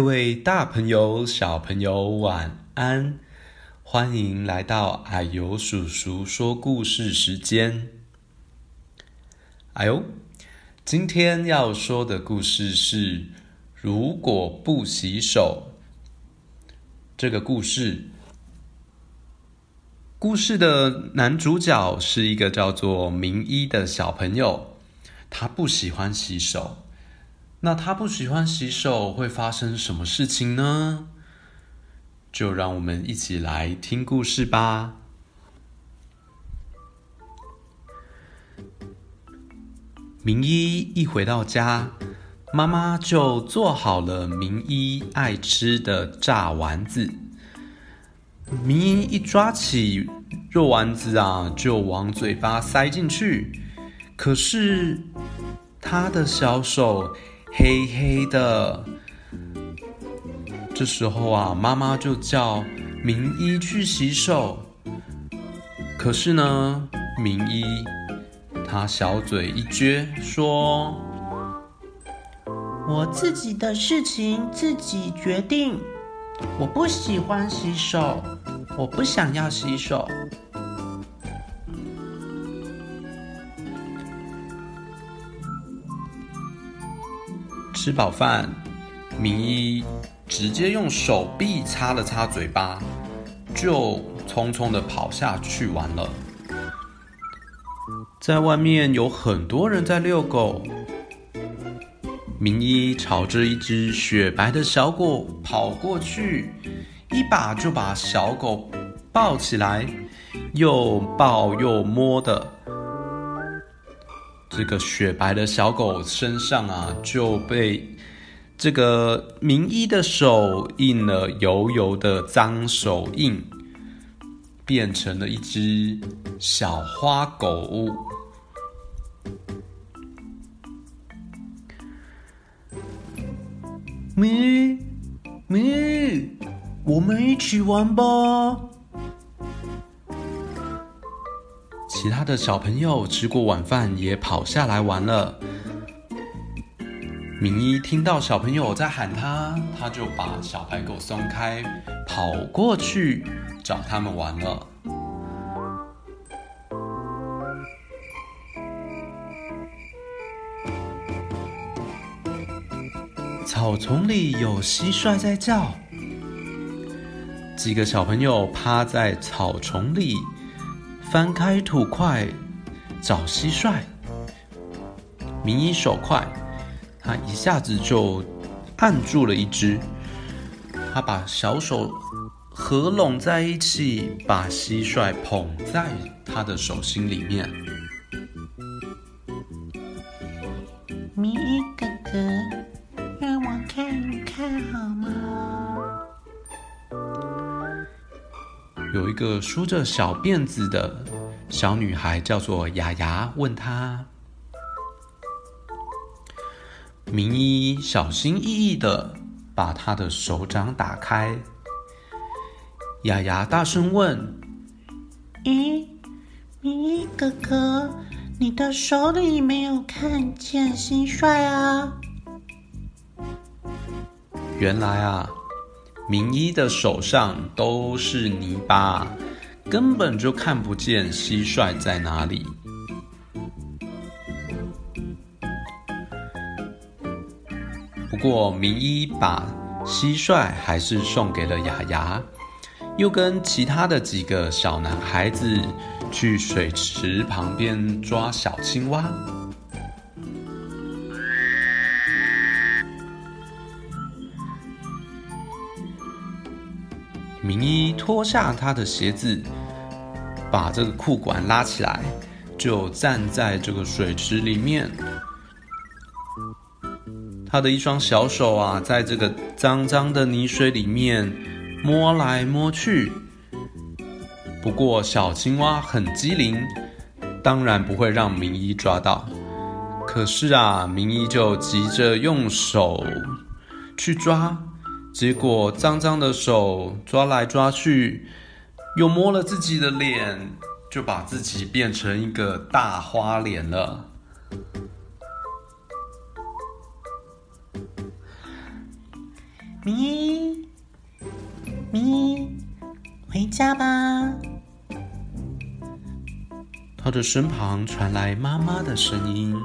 各位大朋友、小朋友，晚安！歡迎來到啊呦叔叔說故事時間。啊呦，今天要說的故事是《如果不洗手》這個故事。故事的男主角是一個叫做明一的小朋友，他不喜歡洗手。那他不喜歡洗手，會發生什麼事情呢？就讓我們一起來聽故事吧。明一一回到家，媽媽就做好了明一愛吃的炸丸子。明一一抓起肉丸子啊，就往嘴巴塞進去，可是他的小手，黑黑的，這時候啊，媽媽就叫明一去洗手。可是呢，明一他小嘴一撅，說：“我自己的事情自己決定，我不喜歡洗手，我不想要洗手。”吃飽飯，明一直接用手臂擦了擦嘴巴，就匆匆地跑下去玩了。在外面有很多人在遛狗，明一朝着一隻雪白的小狗跑過去，一把就把小狗抱起來，又抱又摸的。這個雪白的小狗身上啊，就被這個明一的手印了油油的髒手印，變成了一隻小花狗。咪咪，我們一起玩吧。其他的小朋友吃過晚飯也跑下來玩了。明一聽到小朋友在喊他，他就把小白狗鬆開，跑過去找他們玩了。草叢裡有蟋蟀在叫，幾個小朋友趴在草叢裡。翻開土塊，找蟋蟀，明一手快，他一下子就按住了一隻，他把小手合攏在一起，把蟋蟀捧在他的手心裡面。明一哥哥。有一個梳着小辮子的小女孩，叫做雅雅，問她：明一，小心翼翼的把她的手掌打開。雅雅大聲問：“咦，明一哥哥，你的手裡沒有看見蟋蟀啊？”原來啊。明一的手上都是泥巴，根本就看不見蟋蟀在哪裡。不過，明一把蟋蟀還是送給了雅雅，又跟其他的幾個小男孩子去水池旁邊抓小青蛙。明一脫下他的鞋子，把這個褲管拉起來，就站在這個水池裡面。他的一雙小手啊，在這個髒髒的泥水裡面摸來摸去。不過小青蛙很機靈，當然不會讓明一抓到。可是啊，明一就急着用手去抓。結果髒髒的手抓來抓去，又摸了自己的臉，就把自己變成一個大花臉了。咪咪，回家吧！他的身旁傳來媽媽的聲音。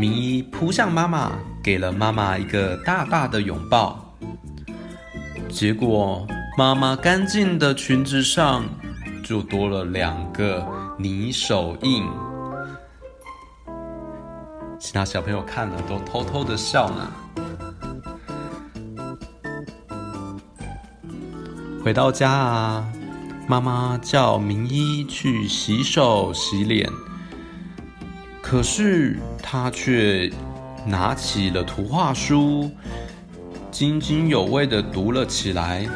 明一撲向媽媽，給了媽媽一個大大的擁抱。結果，媽媽乾淨的裙子上就多了兩個泥手印。其他小朋友看了都偷偷的笑呢。回到家啊，媽媽叫明一去洗手洗臉。可是他卻拿起了圖畫書，津津有味的讀了起來，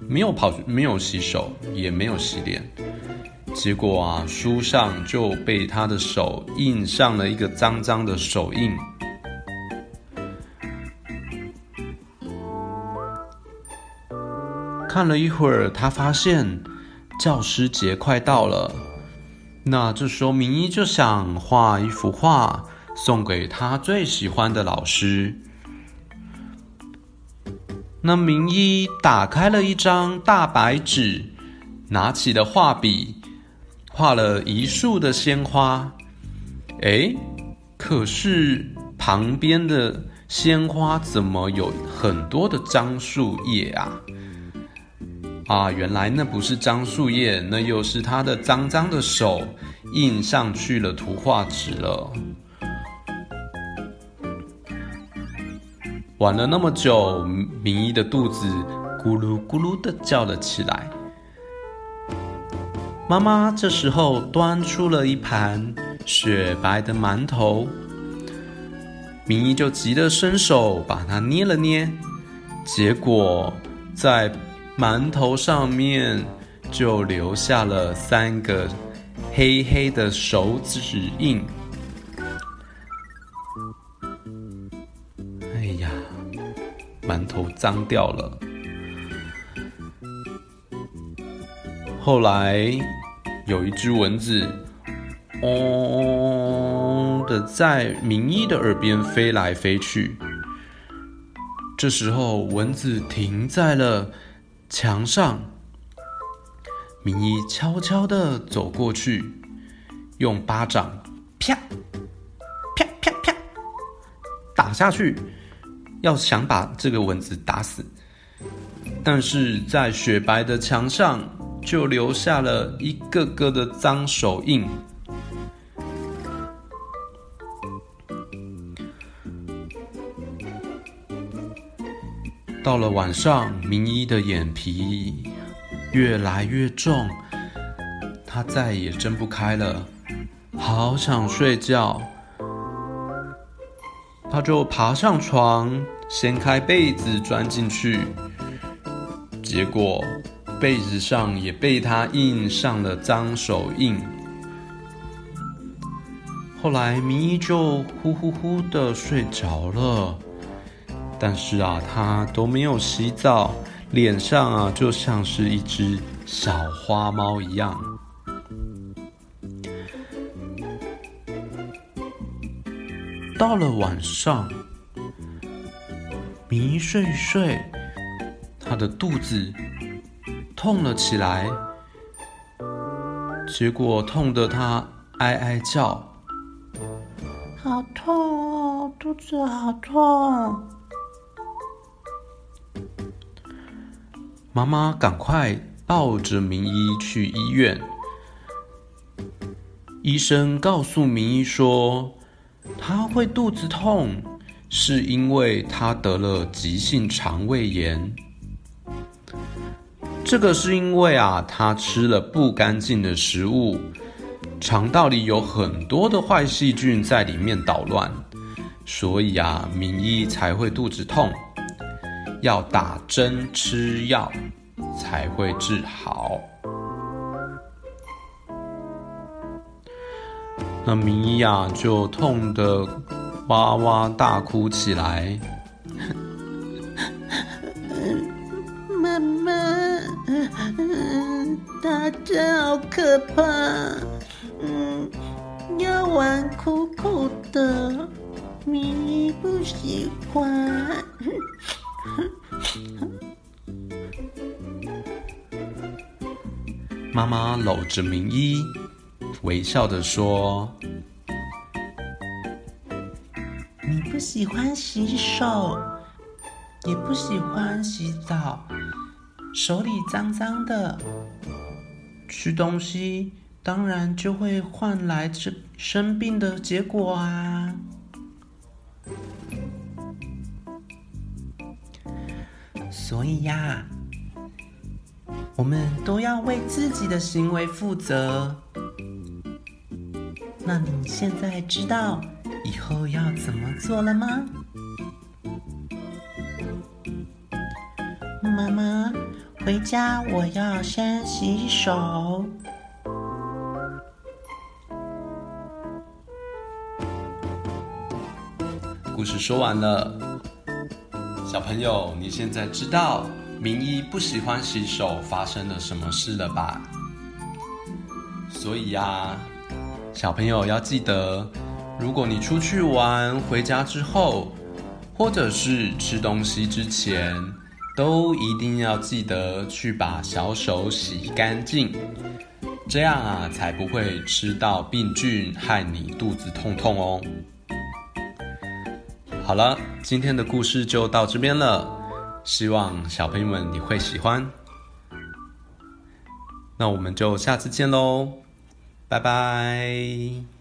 沒有跑，沒有洗手，也沒有洗臉，結果啊，書上就被他的手印上了一個髒髒的手印。看了一會兒，他發現教師節快到了。那這時候，明一就想畫一幅畫送給他最喜歡的老師。那明一打開了一張大白紙，拿起了畫筆，畫了一束的鮮花。哎，可是旁邊的鮮花怎麼有很多的樟樹葉啊？啊，原來那不是樟樹葉，那又是他的髒髒的手印上去了圖畫紙了。玩了那麼久，明一的肚子咕嚕咕嚕的叫了起來。媽媽這時候端出了一盤雪白的饅頭，明一就急著伸手把它捏了捏，結果在。饅頭上面就留下了三個黑黑的手指印。哎呀，饅頭髒掉了。後來有一隻蚊子嗡、哦哦哦、的在明一的耳邊飛來飛去。這時候蚊子停在了。牆上，明一悄悄的走過去，用巴掌，啪啪啪啪打下去，要想把這個蚊子打死，但是在雪白的牆上就留下了一個個的髒手印。到了晚上，明一的眼皮越來越重，他再也睜不開了，好想睡覺。他就爬上床，掀開被子鑽進去，結果被子上也被他印上了髒手印。後來，明一就呼呼呼的睡着了。但是啊，他都沒有洗澡，臉上啊就像是一隻小花貓一樣。到了晚上，迷睡睡，他的肚子痛了起來，結果痛得他哀哀叫，好痛哦，肚子好痛。媽媽，趕快抱着明醫去醫院。醫生告訴明醫說，他會肚子痛，是因為他得了急性腸胃炎。這個是因為啊，他吃了不乾淨的食物，腸道裡有很多的壞細菌在裡面搗亂，所以啊，明一才會肚子痛。要打針吃藥才會治好，那米婭就痛得哇哇大哭起來。 媽媽，打針好可怕，嗯，藥丸苦苦的，米婭不喜歡。 媽媽摟着明一，微笑的說：“你不喜歡洗手，也不喜歡洗澡，手裡髒髒的，吃東西當然就會換來這生病的結果啊。”所以呀，我們都要為自己的行為負責。那你現在知道以後要怎麼做了嗎？媽媽，回家我要先洗手。故事說完了。小朋友，你現在知道明依不喜歡洗手發生了什麼事了吧？所以呀、啊，小朋友要記得，如果你出去玩回家之後，或者是吃東西之前，都一定要記得去把小手洗乾淨，這樣啊，才不會吃到病菌，害你肚子痛痛哦。好了，今天的故事就到這邊了，希望小朋友們你會喜歡。那我們就下次見嘍，拜拜。